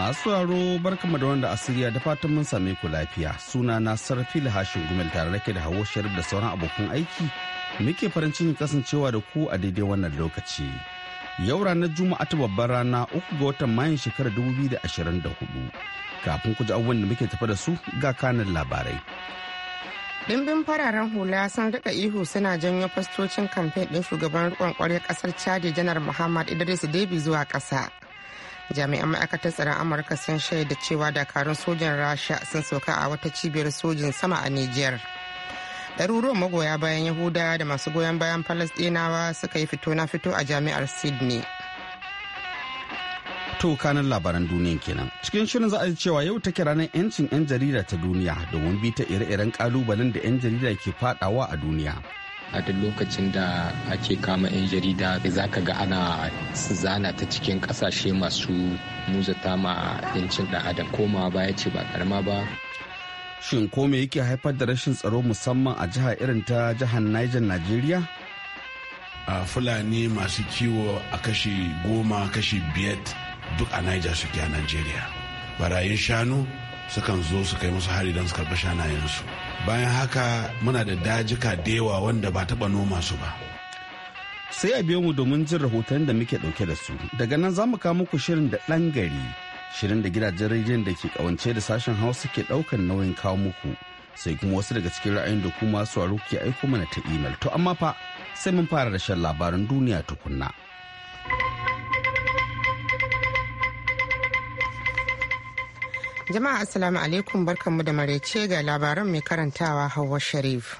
masu sauraro barkama da wanda asiriya da fatan mun same ku lafiya suna na sarfi hashin gumel tare da da hawo sharif da sauran abokan aiki muke farin cikin kasancewa da ku a daidai wannan lokaci yau ranar juma'a ta babbar rana uku ga watan mayun shekarar hudu kafin ku ji abubuwan da muke tafa da su ga kanin labarai Dimbin fararen hula sun daɗa ihu suna janyo fastocin kamfen ɗin shugaban riƙon ƙwarar ƙasar Chadi janar Muhammad Idris debi zuwa ƙasa. jami'an ma'aikatar tsaron amurka sun shaida cewa dakarun sojan rasha sun sauka a wata cibiyar sojin sama a niger ɗaruruwan magoya bayan yahuda da masu goyon bayan falasɗinawa suka yi fito na fito a jami'ar sydney to kanan labaran duniya kenan cikin shirin za a ji cewa yau take ranar yancin 'yan jarida ta duniya domin bi ta ire-iren kalubalen da 'yan jarida ke fadawa a duniya a duk lokacin da ake kama 'yan jarida za ka ga ana zana ta cikin kasashe masu muzata ma 'yancin da adam komawa ya ce ba karama ba shin ko me yake haifar da rashin tsaro musamman a jiha irin ta jihar niger Nigeria? a fulani masu kiwo a kashi goma kashi biyar duk a niger suke a Nigeria. barayin shanu sukan zo su kai musu hari don su karɓi shanayensu bayan haka muna da dajika da yawa wanda ba taba noma su ba sai a biyo mu domin jin rahoton da muke ɗauke da su daga nan za mu kawo muku shirin da ɗan gari shirin da gidajen rediyon da ke ƙawance da sashen hausa ke ɗaukar nauyin kawo muku sai kuma wasu daga cikin ra'ayin da kuma aro ke aiko mana ta imel to amma fa sai mun fara da shan labaran duniya tukunna. Jama'a Assalamu alaikum barkanmu da maraice ga labaran mai karantawa hawa Sharif.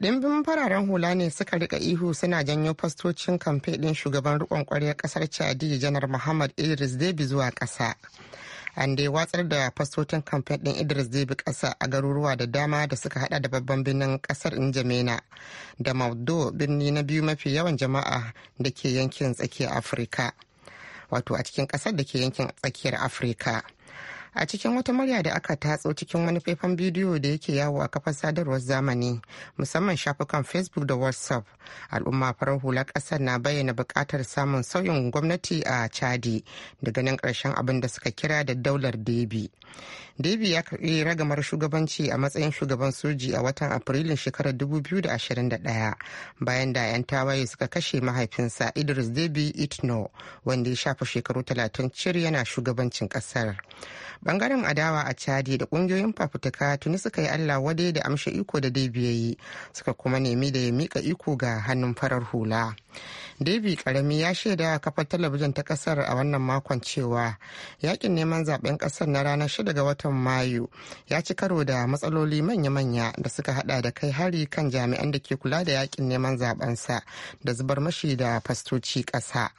Dimbin fararen hula ne suka rika ihu suna janyo fastocin kamfe ɗin shugaban rikon kwarya ƙasar Chadi janar Muhammad Idris Debi zuwa kasa. An dai watsar da fastocin kamfe ɗin Idris Debi kasa a garuruwa da dama da suka hada da babban birnin kasar Injamena da Maudo birni na biyu mafi yawan jama'a da ke yankin tsakiyar Afirka. Wato a cikin ƙasar da ke yankin tsakiyar Afirka. a cikin wata murya da aka tatso cikin wani faifan bidiyo da yake yawo a kafar sadarwar zamani musamman shafukan facebook da whatsapp al'umma farar hula kasar na bayyana buƙatar samun sauyin gwamnati a chadi da ganin ƙarshen abin da suka kira da daular debi Davy ya karɓi ragamar shugabanci a matsayin shugaban soji a watan Afrilun shekarar 2021 bayan da 'yan tawaye suka kashe mahaifinsa Idris Davy Itno wanda ya shafa shekaru 30 cir yana shugabancin ƙasar. Bangaren adawa a Chadi da ƙungiyoyin fafutuka tuni suka yi Allah wadai da amshe iko da Davy ya yi suka kuma nemi da ya mika iko ga hannun farar hula. davi karami ya shaida kafar talabijin ta kasar a wannan makon cewa yakin neman zaben kasar na ranar 6 ga watan Mayu ya ci karo da matsaloli manya-manya da suka hada da kai hari kan jami'an da ke kula da yakin neman zabensa da zubar mashi da fastoci ƙasa.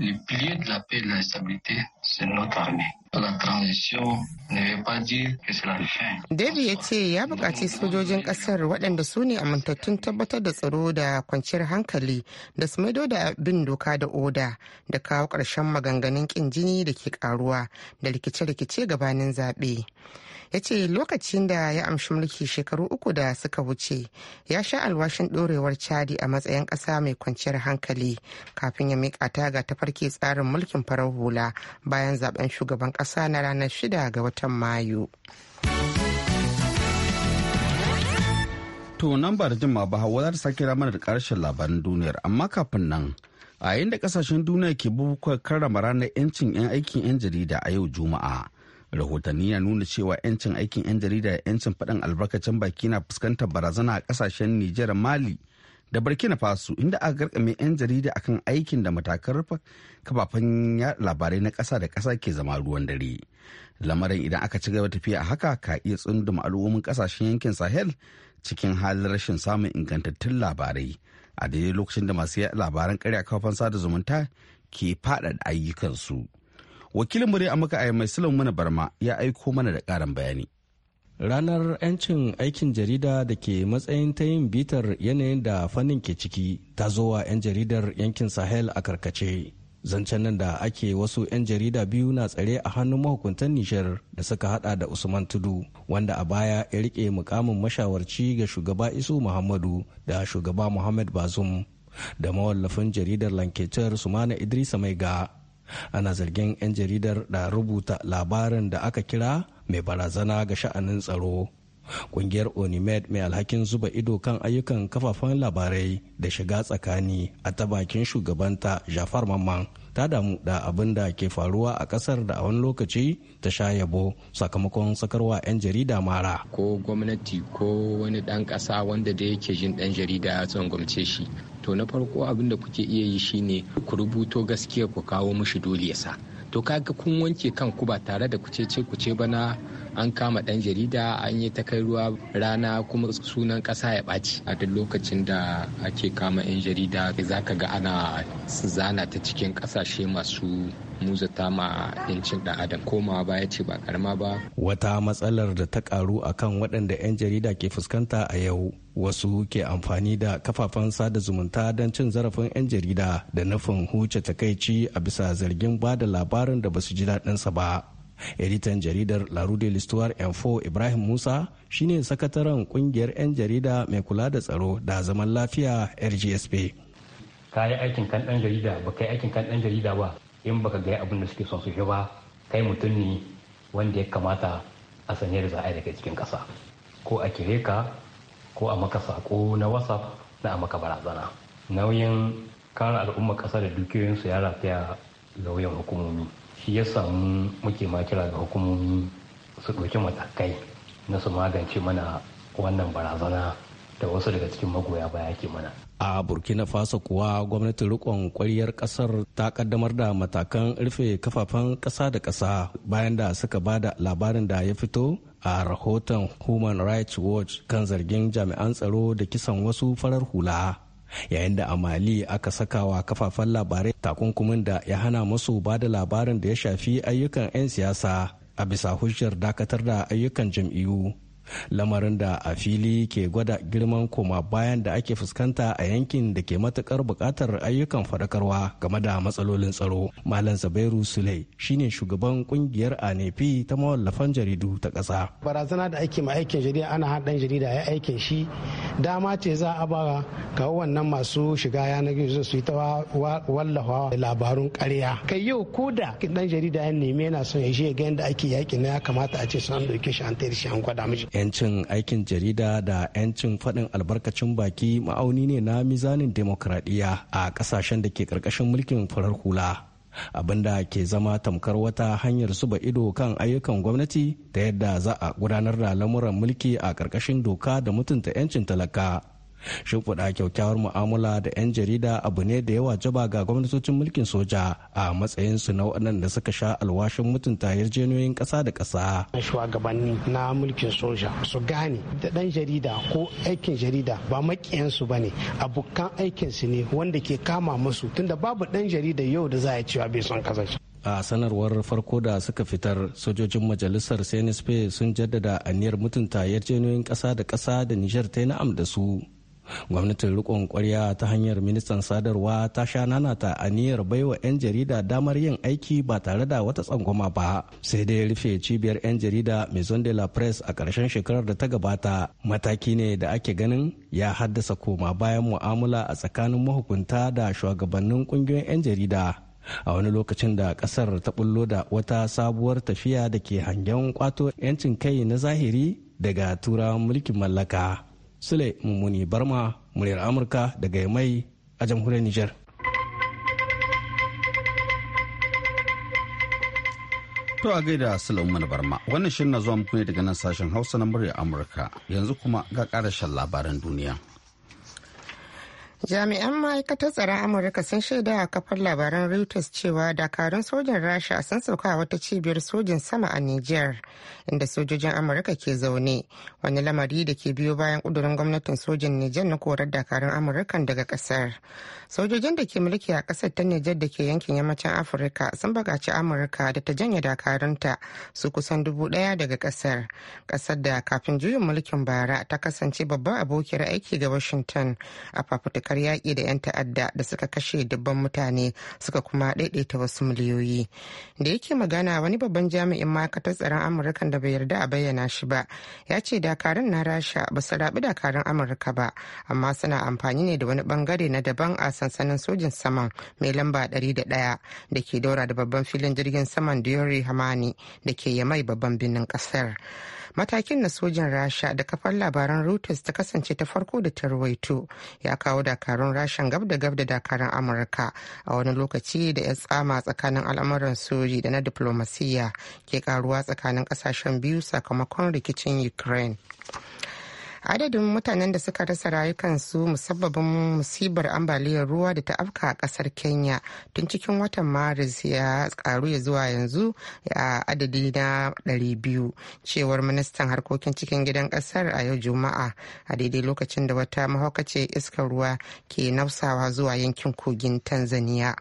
les piliers de la paix et de la stabilité, c'est notre armée. La transition ne veut pas dire que c'est la fin. David ya ce ya buƙaci sojojin ƙasar waɗanda su ne amintattun tabbatar da tsaro da kwanciyar hankali da su maido da bin doka da oda da kawo ƙarshen maganganun ƙin jini da ke ƙaruwa da rikice-rikice gabanin zaɓe. ya ce lokacin da ya amshi mulki shekaru uku da suka wuce ya sha alwashin dorewar chadi a matsayin ƙasa mai kwanciyar hankali kafin ya miƙa ta ga tsarin mulkin farar hula bayan zaben shugaban ƙasa na ranar shida ga watan mayu. To nan ba da jima ba hawa zata sake mana da karshen labaran duniyar amma kafin nan a yayin da kasashen duniya ke bukukuwar karrama ranar 'yancin 'yan aikin 'yan jarida a yau juma'a rahotanni na nuna cewa 'yancin aikin 'yan jarida da 'yancin faɗin albarkacin baki na fuskantar barazana a ƙasashen nijar mali da burkina faso inda aka garkame 'yan jarida akan aikin da matakan rufe kafafen labarai na ƙasa da ƙasa ke zama ruwan dare lamarin idan aka ci gaba tafiya a haka ka iya tsundum al'ummin ƙasashen yankin sahel cikin halin rashin samun ingantattun labarai a daidai lokacin da masu labaran karya kafafen sada zumunta ke faɗaɗa ayyukansu. wakilin murya amurka a mai mana barma ya aiko mana da karin bayani ranar 'yancin aikin jarida da ke matsayin ta yin bitar yanayin da fannin ke ciki ta zo wa 'yan jaridar yankin sahel a karkace zancen nan da ake wasu 'yan jarida biyu na tsare a hannun mahukuntan nishar da suka hada da usman tudu wanda a baya ya rike mukamin mashawarci ga shugaba isu muhammadu da shugaba muhammad bazum da mawallafin jaridar lanketer sumana idrisa mai ga ana zargin 'yan jaridar da rubuta labarin da aka kira mai barazana ga sha'anin tsaro kungiyar onimed mai alhakin zuba ido kan ayyukan kafafen labarai da shiga tsakani a ta bakin shugabanta jafar mamman ta damu da abin da ke faruwa a kasar da a wani lokaci ta sha yabo sakamakon sakarwa 'yan jarida mara ko gwamnati ko wani dan kasa wanda da yake jin dan jarida ya tsangwamce shi to na farko abin da kuke iya yi shine ku rubuto gaskiya ku kawo mishi dole ya sa to kaga kun wanke kanku ba tare da kuce ce kuce ba na an kama dan jarida an yi ta kai ruwa rana kuma sunan kasa ya ɓaci a duk lokacin da ake kama yan jarida za ka ga ana zana ta cikin kasashe masu muzata ma yancin da adam koma ba ya ce ba karama ba wata matsalar da ta karu akan waɗanda yan jarida ke fuskanta a yau wasu ke amfani da kafafen sada zumunta don cin zarafin 'yan jarida da nufin huce takaici a bisa zargin ba da labarin da basu ji daɗinsa ba editan jaridar larude listuwar info ibrahim musa shine sakataren kungiyar 'yan jarida mai kula da tsaro da zaman lafiya rgsp ka yi aikin kan ɗan jarida ba ka yi aikin kan ɗan jarida ba in baka ga abin da suke son su ba kai mutum ne wanda ya kamata a sanye da za'a daga cikin ƙasa ko a kire ka ko a maka sako na whatsapp na a maka barazana nauyin kare al'ummar ƙasa da dukiyoyinsu ya rataya lauyan hukumomi shi ya samu muke ma kira ga hukumomi su ɗauki matakai na su magance mana wannan barazana da wasu daga cikin magoya baya ke mana. A Burkina Faso kuwa gwamnatin rikon kwaryar kasar ta kaddamar da matakan rufe kafafen ƙasa da ƙasa bayan da suka ba da labarin da ya fito a rahoton human rights watch kan zargin jami'an tsaro da kisan wasu farar hula yayin da amali mali aka wa kafafen labarai takunkumin da ya hana musu ba da labarin da ya shafi ayyukan 'yan siyasa a bisa hujjar dakatar da ayyukan jam'iyyu lamarin da a fili ke gwada girman koma bayan da ake fuskanta a yankin da ke matukar bukatar ayyukan fadakarwa game da matsalolin tsaro malam zabairu sule shine shugaban kungiyar anefi ta mawallafan jaridu ta kasa. barazana da ake ma aikin jarida ana haɗin jarida ya aikin shi dama ce za a ba kawo wannan masu shiga yanar gizo su yi ta wallafa labarun ƙarya kai yau ko da dan jarida ya nemi yana son ya je ga yadda ake yaƙi na ya kamata a ce sun ɗauke shi an tayar shi an gwada miji. 'yancin aikin jarida da 'yancin faɗin albarkacin baki ma'auni ne na mizanin demokradiyya a ƙasashen da ke ƙarƙashin mulkin farar hula abinda ke zama tamkar wata hanyar zuba ido kan ayyukan gwamnati ta yadda za a gudanar da lamuran mulki a ƙarƙashin doka da mutunta 'yancin talaka shimfiɗa kyaukyawar mu'amala da 'yan jarida abu ne da yawa jaba ga gwamnatocin mulkin soja a matsayinsu na da suka sha alwashin mutunta yarjejeniyoyin ƙasa da ƙasa. shugabanni na mulkin soja su gane da ɗan jarida ko aikin jarida ba maƙiyansu ba ne abokan aikinsu ne wanda ke kama musu tunda babu ɗan jarida yau da za a cewa bai son kasance. a sanarwar farko da suka fitar sojojin majalisar cnsp sun jaddada aniyar mutunta yarjejeniyoyin ƙasa da ƙasa da nijar ta yi na'am da su gwamnatin rikon kwarya ta hanyar ministan sadarwa ta sha nana nanata aniyar baiwa 'yan jarida damar yin aiki ba tare da wata tsangwama ba sai dai rufe cibiyar 'yan jarida maison de la presse a ƙarshen shekarar da ta gabata mataki ne da ake ganin ya haddasa koma bayan mu'amala a tsakanin mahukunta da shugabannin ƙungiyoyin 'yan jarida a wani lokacin da ƙasar ta bullo da wata sabuwar tafiya da ke hangen kwato 'yancin kai na zahiri daga turawan mulkin mallaka Sule Mummuni Barma, muryar Amurka daga mai a jamhuriyar Nijar. To a gaida Sule Mummuni Barma, wannan shirin na zuwa muku ne daga nan sashen Hausa na muryar Amurka. Yanzu kuma ga karashen labaran duniya. jami'an ma'aikatar tsaron amurka sun shaida a kafar labaran reuters cewa dakarun sojan rasha sun sauka a wata cibiyar sojin sama a niger inda sojojin amurka ke zaune wani lamari da ke biyo bayan kudurin gwamnatin sojin niger na korar dakarun amurkan daga kasar sojojin da ke mulki a kasar ta niger da ke yankin yammacin afirka sun bagaci amurka da ta janye dakarunta su kusan dubu daya daga kasar kasar da kafin juyin mulkin bara ta kasance babban abokiyar aiki ga washington a fafutuka haɗakar yaƙi da 'yan ta'adda da suka kashe dubban mutane suka kuma daidaita wasu miliyoyi da yake magana wani babban jami'in ma'aikatar tsaron amurka da bai yarda a bayyana shi ba ya ce dakarun na rasha ba su raɓi dakarun amurka ba amma suna amfani ne da wani bangare na daban a sansanin sojin saman mai lamba 101 da ke daura da babban filin jirgin saman diori hamani da ke yamai babban birnin ƙasar. matakin na sojin rasha da kafar labaran reuters ta kasance ta farko da ta ruwaito ya kawo dakarun rashan gab da gab da dakarun amurka a wani lokaci da ya tsama tsakanin al'amuran soji da na diplomasiya ke karuwa tsakanin kasashen biyu sakamakon rikicin ukraine adadin mutanen da suka rasa rayukansu musabbabin musibar ambaliyar ruwa da ta afka a kasar kenya tun cikin watan maris ya karu ya zuwa yanzu a adadi na 200 cewar ministan harkokin cikin gidan kasar a yau juma'a a daidai lokacin da wata mahaukace iskar ruwa ke nausawa zuwa yankin kogin tanzania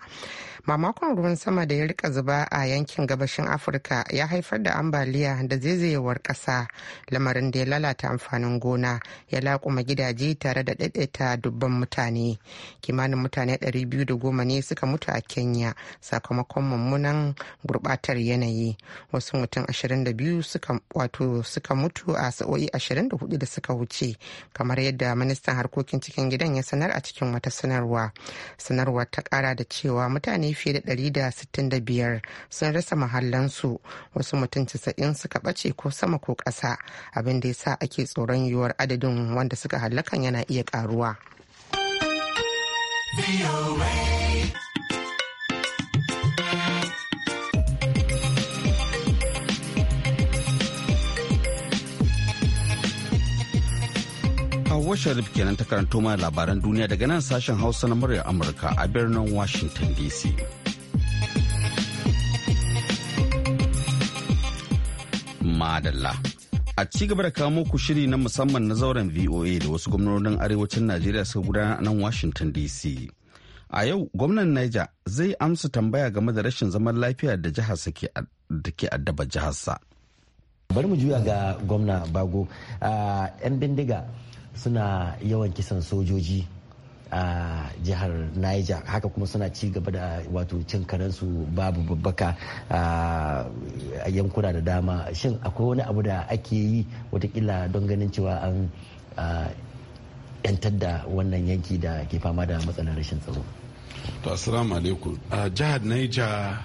mamakon ruwan sama da ya rika zuba a yankin gabashin afirka ya haifar da ambaliya da zaizayewar kasa lamarin da ya lalata amfanin gona ya laƙuma gidaje tare da ɗaiɗaita dubban mutane kimanin mutane 210 ne suka mutu a kenya sakamakon mummunan gurbatar yanayi wasu mutum 22 suka wato suka mutu a sa'o'i 24 da suka wuce kamar yadda ministan harkokin cikin gidan ya sanar a cikin wata sanarwa sanarwa ta ƙara da cewa mutane fiye da 165 sun rasa mahallansu wasu mutum 90 suka ɓace ko sama ko ƙasa abin da ya sa ake tsoron yiwuwar adadin wanda suka hallakan yana iya ƙaruwa. Hawa Sharif kenan ta karanto mana labaran duniya daga nan sashen Hausa na muryar Amurka a birnin Washington DC. Madalla. A ci gaba da kawo muku shiri na musamman na zauren VOA da wasu gwamnonin arewacin Najeriya suka gudana nan Washington DC. A yau gwamnan Niger zai amsa tambaya game da rashin zaman lafiya da jihar da ke addaba jiharsa. Bari mu juya ga gwamna Bago, ah, 'yan bindiga suna yawan kisan sojoji a jihar niger haka kuma suna ci gaba da wato cin karensu babu babbaka a yankuna da dama shin akwai wani abu da ake yi watakila don ganin cewa an yantar da wannan yanki da ke fama da matsalar rashin tsaro to assalamu alaikum jihar niger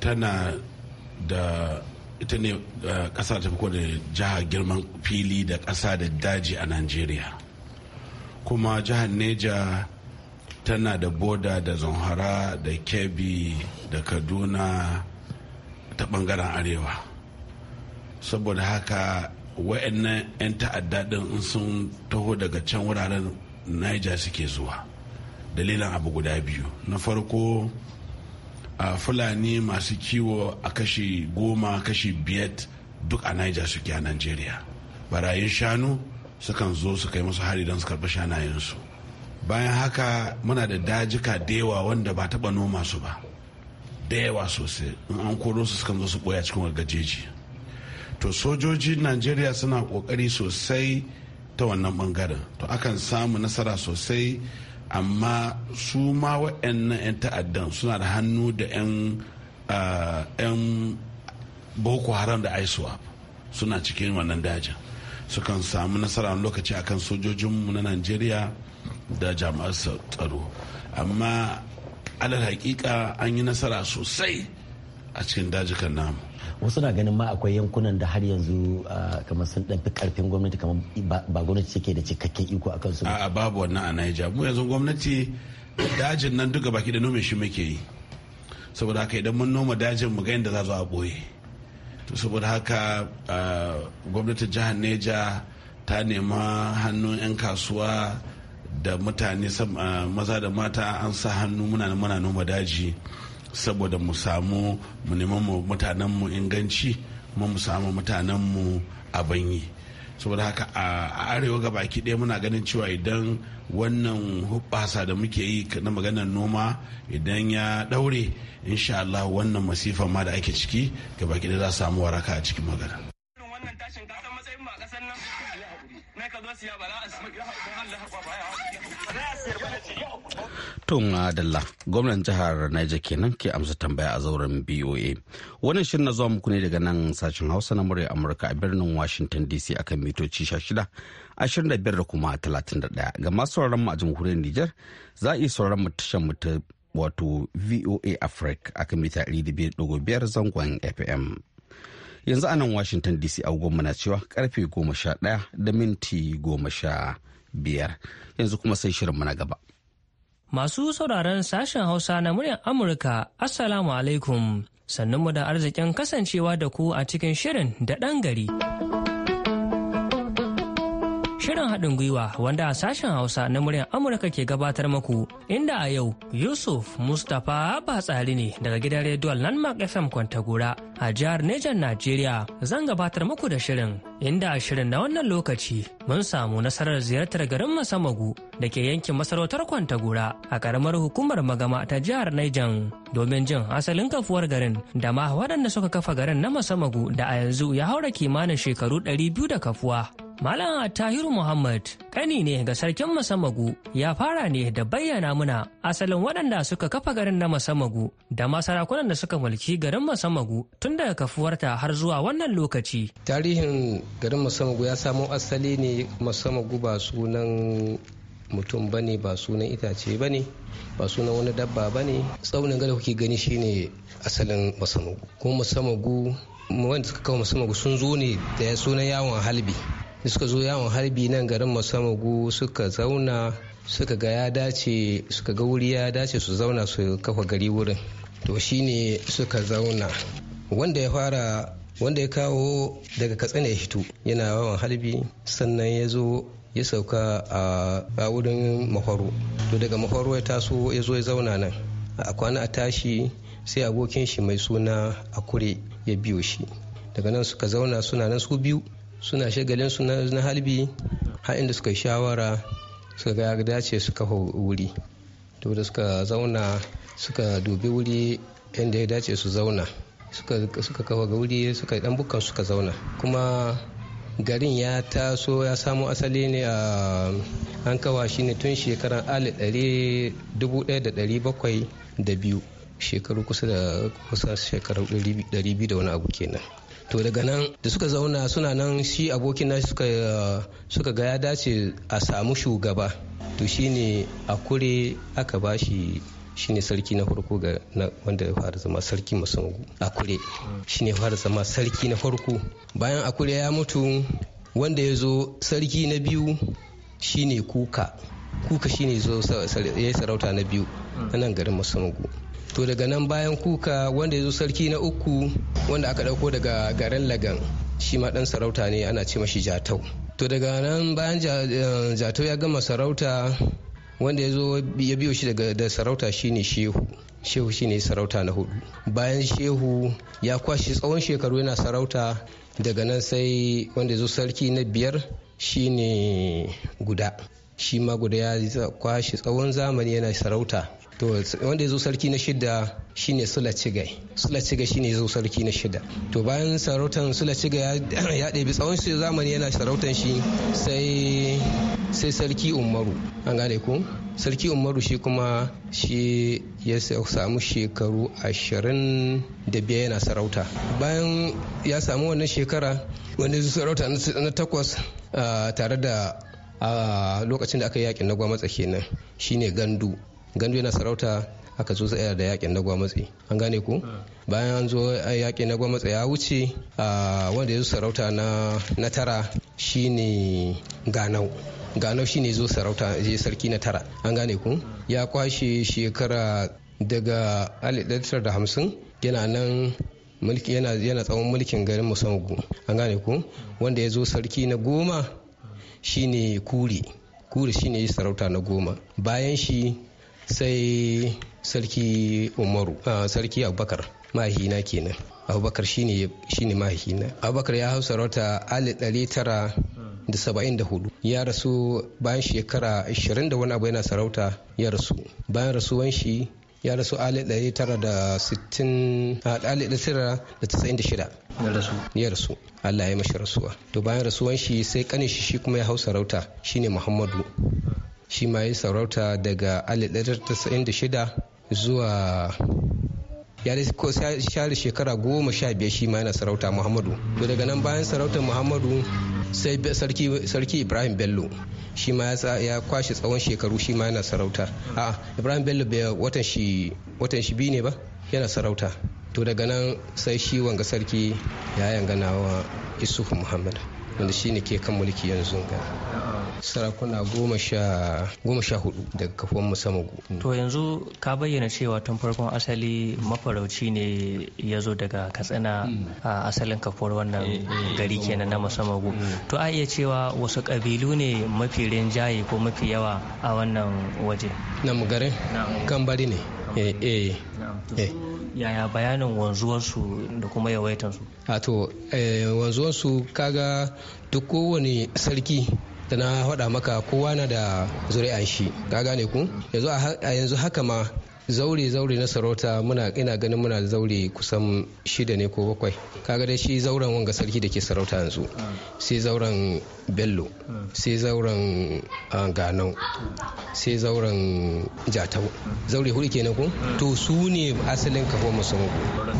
tana da ita ne eh, ƙasa ta ko da jiha girman fili da ƙasa da daji a najeriya kuma jihar neja tana da boda da zanhara da kebbi da kaduna ta bangaren arewa saboda haka wa'annan 'yan ta'adda ɗin sun taho daga can wuraren niger suke zuwa dalilan abu guda biyu na farko fulani masu kiwo a kashi goma kashi biyar duk a niger suke a nigeria barayin shanu sukan zo su kai musu hari don su karɓi shanayensu bayan haka muna da dajika da yawa wanda ba taɓa noma su ba da yawa sosai in an koro su sukan zo su ɓoya cikin gajeji to sojojin najeriya suna ƙoƙari sosai ta wannan bangaren to akan samu nasara sosai amma su ma waɗannan 'yan ta'addan suna da hannu da 'yan ah, boko haram da aisuwa suna cikin wannan dajin sukan samu nasara wani lokaci akan sojojinmu na najeriya da jami'ar tsaro amma alal hakika an yi nasara sosai a cikin dajikan namu wasu na ganin ma akwai yankunan da har yanzu kamar sun ɗanfi karfin gwamnati kamar ba gwamnati take da cikakken iko a kansu a babu wannan a naija mu yanzu gwamnati dajin nan duka baki da nome shi muke yi saboda haka idan mun noma dajin mu ga yadda za zo a boye to saboda haka gwamnatin jihar neja ta nema hannun 'yan kasuwa da mutane maza da mata an sa hannu muna noma daji saboda mu samu mu mutanen mu mutanenmu inganci kuma mu samu mu abin yi saboda haka a arewa ga baki ɗaya muna ganin cewa idan wannan hubbasa da muke yi na maganar noma idan ya daure insha Allah wannan masifa ma da ake ciki ga baki ɗaya za samu waraka a cikin magana. Tun gwamnan jihar Niger kenan ke amsa tambaya a zauren BOA. Wannan shirin na zuwa muku ne daga nan sashen Hausa na murya Amurka a birnin Washington DC akan mitoci 16, 25 da kuma 31. Ga masu sauraron mu a jamhuriyar Niger za a iya sauraron mu tashar mu ta wato VOA Africa akan mita 200.5 zangon FM. yanzu anan nan washington dc agogon na cewa karfe goma sha ɗaya da minti goma sha biyar yanzu kuma sai shirin na gaba masu sauraron sashen hausa na muryar amurka assalamu alaikum sannunmu da arzikin kasancewa da ku a cikin shirin da ɗan gari. Shirin haɗin gwiwa wanda a sashen Hausa na muryar Amurka ke gabatar muku inda a yau Yusuf Mustapha Batsari ne daga gidan rediyon Landmark FM Kwantagora a jihar Nejan Najeriya zan gabatar muku da shirin. inda a shirin na wannan lokaci mun samu nasarar ziyartar garin Masamagu da ke yankin masarautar Kwantagura a karamar hukumar Magama ta jihar nijan domin jin asalin kafuwar garin da ma waɗanda suka kafa garin na Masamagu da a yanzu ya haura kimanin shekaru 200 da kafuwa. Malam Tahiru Muhammad kani ne ga sarkin Masamagu ya fara ne da bayyana muna asalin waɗanda suka kafa garin na Masamagu da masarakunan da suka mulki garin Masamagu tun daga kafuwarta har zuwa wannan lokaci. Tarihin garin musamagu ya samo asali ne gu ba sunan mutum ba ne ba sunan itace ba ne ba sunan wani dabba ba ne tsaunin gada kuke gani shine asalin gu. kuma gu wanda suka kawo gu sun zo ne da sunan yawon halbi da suka zo yawon halbi nan garin masamagu suka zauna suka ga ya dace suka ga wuri ya dace su zauna su kafa gari wurin to shine suka zauna wanda ya fara wanda ya kawo daga katsina ya hito yana yawan halbi sannan ya zo ya sauka a wurin mahoro to daga mahoro ya taso ya zo ya zauna nan a kwana a tashi sai abokin shi mai suna a kure ya biyo shi daga nan suka zauna suna nan su biyu suna shagalin su na halbi har inda suka shawara suka ga dace suka wuri to da suka zauna suka dubi wuri inda ya dace su zauna suka kawo ga wuri suka dan bukkan suka zauna kuma garin ya taso ya samo asali ne a an kawa shi ne tun shekarar 1700 da biyu shekaru kusa da kusa shekaru 200 da wani abu kenan to daga nan da suka zauna suna nan shi abokin nashi suka suka ga ya dace a samu shugaba to shine a kure aka bashi shine sarki na farko ga wanda ya fara zama sarki masungu Shi shine fara zama sarki na farko bayan a kure ya mutu wanda ya zo sarki na biyu shine kuka kuka shine zo ya yi sarauta na biyu a nan garin masungu to daga nan bayan kuka wanda ya zo sarki na uku wanda aka dauko daga garin lagan shi ma dan sarauta ne ana ce mashi jatau to daga nan bayan eh, jatau ya gama sarauta wanda ya zo ya biyo shi daga da sarauta shine shehu shehu shine sarauta na hudu bayan shehu ya kwashe tsawon shekaru yana sarauta daga nan sai wanda ya zo sarki na biyar shine guda shi ma guda ya kwashe tsawon zamani yana sarauta to wanda ya zo sarki na shida shine sula cigai sula cigai shine ya zo sarki na shida to bayan sarautan sula cigai ya ɗabi tsawon shi zamani yana sarautan shi sai sai sarki umaru an gane ku sarki umaru shi kuma shi ya samu shekaru ashirin da biya yana sarauta bayan ya samu wannan shekara wanda ya zo sarauta na takwas ah, tare da a ah, lokacin da aka yi yakin na gwamnati kenan shine gandu gandu yana sarauta aka zo tsaya da yakin na matsi an gane ku hmm. bayan an zo yakin na matsi ya wuce wanda ya zo sarauta na tara shine ganau ganau shine zo sarauta je sarki na tara an gane ku ya kwashe shekara daga 1950 yana nan mulki yana yana tsawon mulkin garin musangu an gane ku wanda ya zo sarki na goma shine kuri kuri shine sarauta na goma bayan shi sai sarki umaru sarki abubakar mahina kenan abubakar shine ne mahina abubakar ya hau sarauta ali ɗari tara da saba'in da hudu ya rasu bayan shekara 20 da wani abu yana sarauta ya rasu bayan rasuwan shi ya rasu ali ɗari tara da sittin ɗari tara da da shida ya rasu allah ya mashi rasuwa to bayan rasuwan shi sai kanin shi shi kuma ya hau sarauta shine muhammadu shi ma ya sarauta daga 1996 zuwa ya ko share shekara goma sha biyar shi ma yana sarauta muhammadu to daga nan bayan sarautar muhammadu sai sarki ibrahim bello shi ma ya kwashe tsawon shekaru shi ma yana sarauta a ibrahim bello bai watan shi biyu ne ba yana sarauta to daga nan sai shi wanga sarki ya yanga wa isufu Muhammadu wanda shi ne ke kan mulki yanzu ga sarakuna goma sha hudu daga kafuwan musamman To yanzu ka bayyana cewa tun farkon asali mafarauci ne ya zo daga katsina hmm. a asalin kafuwar wannan eh, eh. gari kenan na musamman hmm. To a iya cewa wasu kabilu ne mafi rinjaye ko mafi yawa a wannan waje. Na mugare Kan bari ne. Eh, yaya bayanin wanzuwarsu da kuma yawaitansu? to wanzuwarsu kaga duk kowane sarki ta na faɗa maka kowa na da zuri'an shi ka gane ku yanzu a yanzu haka ma zaure-zaure na sarauta muna ina ganin muna zaure kusan shida ne ko bakwai kaga dai shi zauren wanga sarki da ke sarauta yanzu sai zauren bello sai zauren ganau sai zauren jatau zaure hudu kenan ko to su ne asalin kafo musamman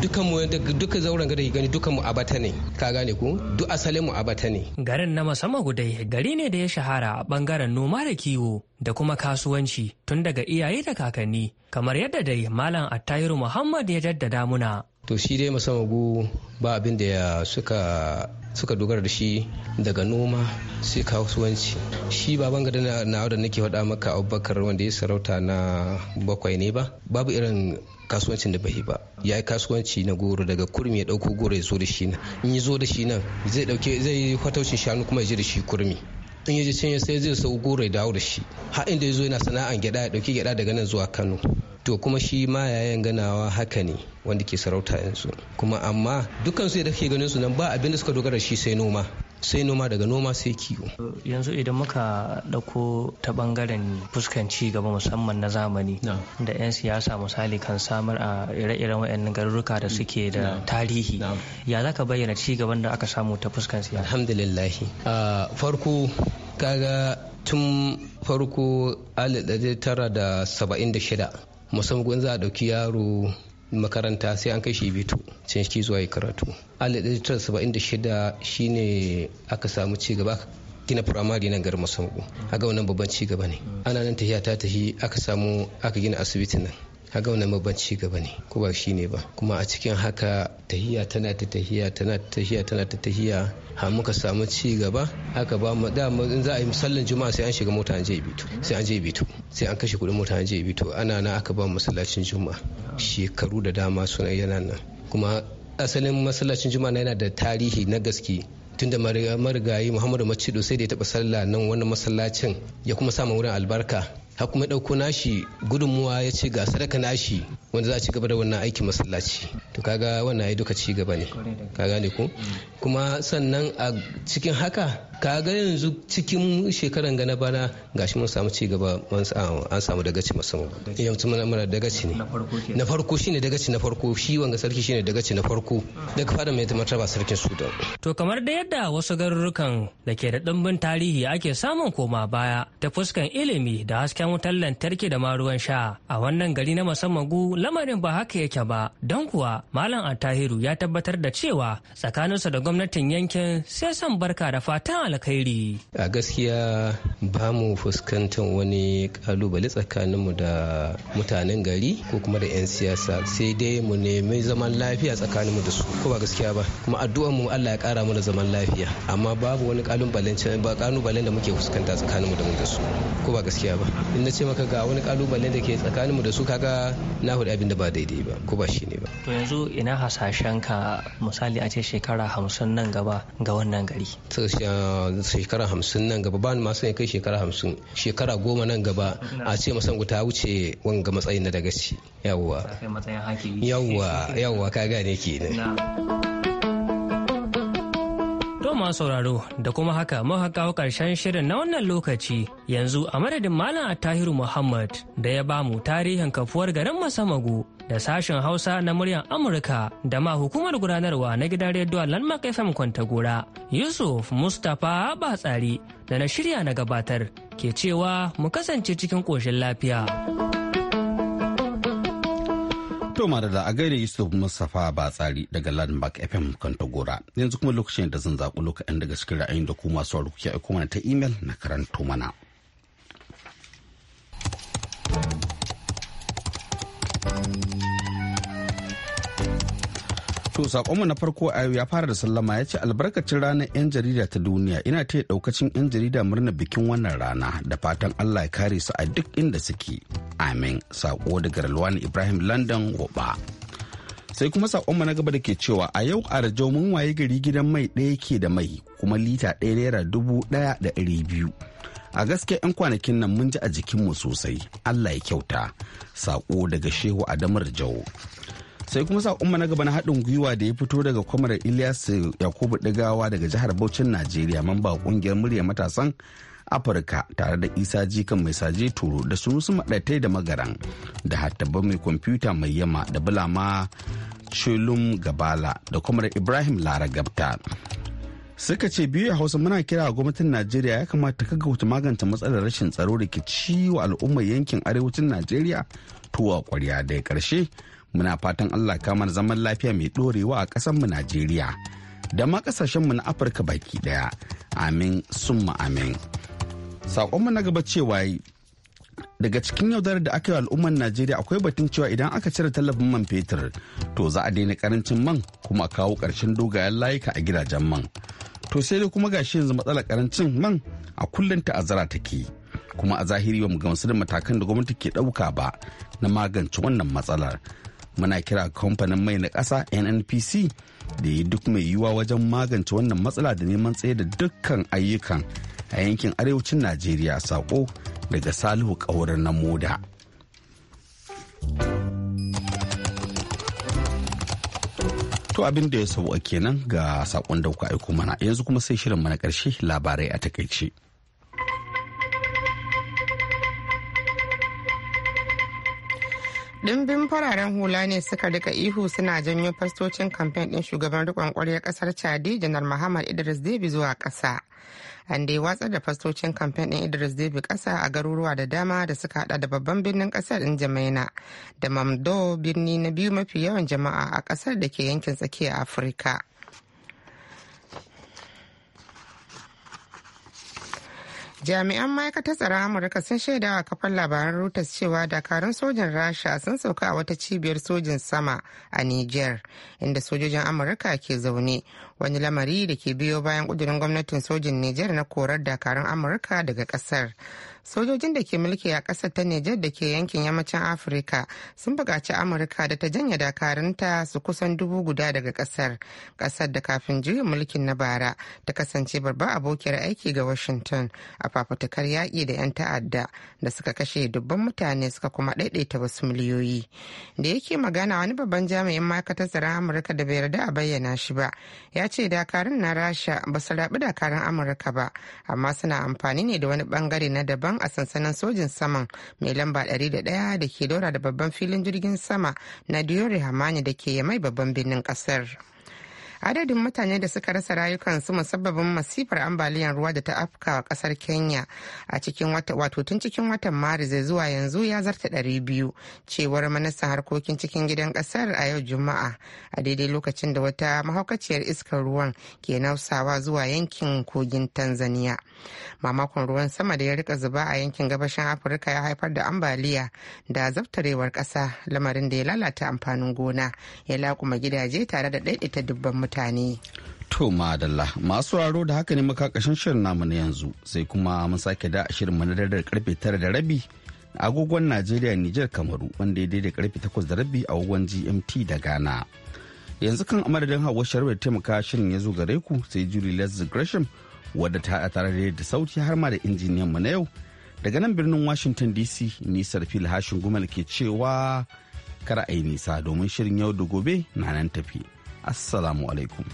dukan mu duka zauren gada gani dukan mu abata ne ka gane ku duk asalin mu abata ne garin na musamman gudai gari ne da ya shahara a bangaren noma da kiwo da kuma kasuwanci tun daga iyaye da kakanni kamar kamar yadda dai Malam Attahiru Muhammad ya jaddada muna. To shi dai gu ba abin da suka suka dogara da shi daga noma sai kasuwanci shi baban gada na da nake faɗa maka abubakar wanda ya sarauta na bakwai ne ba babu irin kasuwancin da bai ba ya yi kasuwanci na goro daga kurmi ya ɗauko goro ya zo da shi nan in yi zo da shi nan zai ɗauke zai yi shanu kuma ya je da shi kurmi in yaji can ya sai zai sau goro ya dawo da shi har inda ya zo yana sana'an gyada ya dauki gyada daga nan zuwa Kano to kuma shi ma yayan ganawa haka ne wanda ke sarauta yanzu kuma amma dukansu da kake ganin su nan ba abin da suka dogara shi sai noma sai noma daga noma sai kiwo yanzu idan muka dauko ta bangaren fuskan ci gaba musamman na zamani da 'yan siyasa misali kan samar a ire-iren wayannan garuruka da suke da tarihi ya za ka bayyana ci gaban da aka samu ta fuskan siyasa alhamdulillah farko kaga tun farko 1976 musamman za a ɗauki yaro makaranta sai an kai shi bitu can shi zuwa yi karatu a shi shine aka samu cigaba gaba gina firamare nan garin masangu a ga wannan babban ci gaba ne ana nan tahiya ta tahi aka samu aka gina asibitin nan kaga wannan babban ci gaba ne ko ba shi ne ba kuma a cikin haka tahiya tana ta tahiya tana ta tahiya tana ta tahiya har muka samu ci gaba haka ba mu da in za a yi musallin juma'a sai an shiga mota an je bitu sai an je bitu sai an kashe kuɗin mota an je bitu ana na aka ba masallacin juma'a shekaru da dama suna yana nan kuma asalin masallacin juma'a yana da tarihi na gaske tun da marigayi muhammadu macido sai da ya taba sallah nan wani masallacin ya kuma samu wurin albarka har kuma ɗauko nashi gudunmuwa ya ce ga sadaka nashi wanda za a ci gaba da wannan aikin masallaci to kaga wannan ya duka ci gaba ne kaga ne ko mm. kuma sannan a cikin haka kaga yanzu cikin shekaran gana bana gashi mun samu ci gaba an samu dagaci musamman yanzu muna muna dagaci ne na farko shine dagaci na farko shi wanga sarki shine dagaci na farko daga fara mai martaba sarkin sudan to kamar da yadda wasu garurukan da ke da dimbin tarihi ake samun koma baya ta fuskan ilimi da hasken wutar lantarki da ma ruwan sha a wannan gari na musamman gu lamarin ba haka yake ba don kuwa malam atahiru ya tabbatar da cewa tsakaninsa da gwamnatin yankin sai son barka da fatan alkhairi a gaskiya ba mu fuskantar wani kalubale tsakaninmu da mutanen gari ko kuma da 'yan siyasa sai dai mu nemi zaman lafiya tsakaninmu da su ko ba gaskiya ba kuma addu'ar mu Allah ya kara mana zaman lafiya amma babu wani kalubalen ba kalubalen da muke fuskanta tsakaninmu da mu da su ko ba gaskiya ba in na ce maka ga wani kalubalen da ke tsakaninmu da su kaga na hudu abin da ba daidai ba ko ba shine ba to yanzu ina hasashen ka misali a ce shekara hamsin nan gaba ga wannan gari shekara hamsin nan gaba ba ni masu kai shekara hamsin shekara goma nan gaba a ce masan ta wuce wanga matsayin na daga ci yawwa yawwa yawwa ka gane ne Toma sauraro da kuma haka haƙa wa karshen shirin na wannan lokaci yanzu a madadin Malam Attahiru Muhammad da ya bamu tarihin kafuwar garin Masamago da sashen Hausa na muryar Amurka da ma hukumar gudanarwa na gidan rediyo Landmark FM Kwantagora. Yusuf Mustapha Batsari da na shirya na gabatar ke cewa mu kasance cikin ƙoshin lafiya. To da a gaida Yusuf Mustapha Batsari daga Landmark FM Kwantagora. Yanzu kuma lokacin da zan zaɓi lokacin daga cikin ra'ayin da ku masu kuke aiko mana ta imel na karanto mana. To saƙonmu na farko a yau ya fara da sallama ya ce albarkacin ranar 'yan jarida ta duniya ina ta ɗaukacin 'yan jarida murna bikin wannan rana da fatan Allah ya kare su a duk inda suke. Amin. Sako daga Ralwani Ibrahim London Goba. Sai kuma saƙonmu na gaba da ke cewa a yau a mun waye gari gidan mai ɗaya ke da mai kuma lita ɗaya naira dubu ɗaya da ɗari biyu. a gaskiya 'yan kwanakin nan mun ji a jikinmu sosai allah ya kyauta saƙo daga shehu adamar jau sai kuma saƙonmu na gaba na haɗin gwiwa da ya fito daga kwamarar ilyas yakubu ɗigawa daga jihar Bauchin najeriya mamba ƙungiyar murya matasan afirka tare da isa jikan mai saje turo da sunusu maɗaitai da magaran da hattaba mai kwamfuta mai yama da bulama shulum Gabala da kwamar Ibrahim lara gabta. suka ce biyu a hausa muna kira gwamnatin najeriya ya kamata ka gauta maganta matsalar rashin tsaro da ke ciwo al'ummar yankin arewacin najeriya tuwa kwarya da karshe muna fatan allah kamar zaman lafiya mai dorewa a ƙasar mu najeriya da ma ƙasashen mu na afirka baki daya amin summa amin saƙonmu na gaba cewa daga cikin yaudarar da aka yi al'ummar najeriya akwai batun cewa idan aka cire tallafin man fetur to za a daina karancin man kuma a kawo karshen dogayen layuka a gidajen man to sai dai kuma gashi yanzu matsalar karancin man a kullum ta azara take kuma a zahiri ba mu ga da matakan da gwamnati ke ɗauka ba na magance wannan matsalar muna kira kamfanin mai na kasa nnpc da yi duk mai yiwuwa wajen magance wannan matsala da neman tsaye da dukkan ayyukan a yankin arewacin najeriya sako daga Salihu Ƙaura na Moda. To abin da ya sauwa kenan ga saƙon da kuka aiko mana yanzu kuma sai shirin mana ƙarshe labarai a takaice. Dimbin fararen hula ne suka rika ihu suna janyo fastocin kamfen ɗin shugaban rikon ƙwaryar ƙasar Chadi janar Muhammad Idris Debi zuwa ƙasa. An watsar da fastocin kamfen ɗin Idris Debi ƙasa a garuruwa da dama da suka hada da babban birnin ƙasar ɗin Jamaina da Mamdo birni na biyu mafi yawan jama'a a ƙasar da ke yankin tsakiyar Afirka. jami'an ma'aikatar tsaron amurka sun shaida wa kafar labaran reuters cewa dakarun sojin rasha sun sauka a wata cibiyar sojin sama a niger inda sojojin amurka ke zaune wani lamari da ke biyo bayan ƙudurin gwamnatin sojin Nijar na korar dakarun Amurka daga ƙasar. Sojojin da ke mulki a kasar ta Nijar da ke yankin yammacin Afirka sun buƙaci Amurka da ta janye dakarunta su kusan dubu guda daga ƙasar. kasar da kafin juyin mulkin na bara ta kasance babbar abokiyar aiki ga Washington a fafutukar yaƙi da 'yan ta'adda da suka kashe dubban mutane suka kuma ɗaiɗaita wasu miliyoyi. Da yake magana wani babban jami'in ma'aikatar tsaron Amurka da bai yarda a bayyana shi ba. Ya ya ce dakarun na rasha ba su rabu dakarun amurka ba amma suna amfani ne da wani bangare na daban a sansanin sojin saman mai lamba 101 da ke daura da babban filin jirgin sama na diori hamani da ke yamai babban birnin kasar. adadin mutane da suka rasa rayukansu musabbabin masifar ambaliyar ruwa da ta afka kasar kenya a cikin wato tun cikin watan maris zuwa yanzu ya zarta ɗari biyu cewar ministan harkokin cikin gidan kasar a yau juma'a a daidai lokacin da wata mahaukaciyar iskar ruwan ke nausawa zuwa yankin kogin tanzania mamakon ruwan sama da ya rika zuba a yankin gabashin afirka ya haifar da ambaliya da zaftarewar kasa lamarin da ya lalata amfanin gona ya lakuma gidaje tare da ɗaiɗaita dubban mutane mutane. To madalla masu raro da haka ne kashin shirin namu na yanzu sai kuma mun sake da shirin mu na daddar karfe tara da rabi agogon Najeriya Nijar Kamaru wanda ya daidai karfe takwas da rabi a agogon GMT da Ghana. Yanzu kan amadadin hawa sharwar taimaka shirin ya zo gare ku sai Julie Leslie Gresham wadda ta tare da sauti har ma da injiniyan mu na yau daga nan birnin Washington DC nisar fil hashin gumal ke cewa kar a yi nisa domin shirin yau da gobe na nan tafi. assalamu alaikum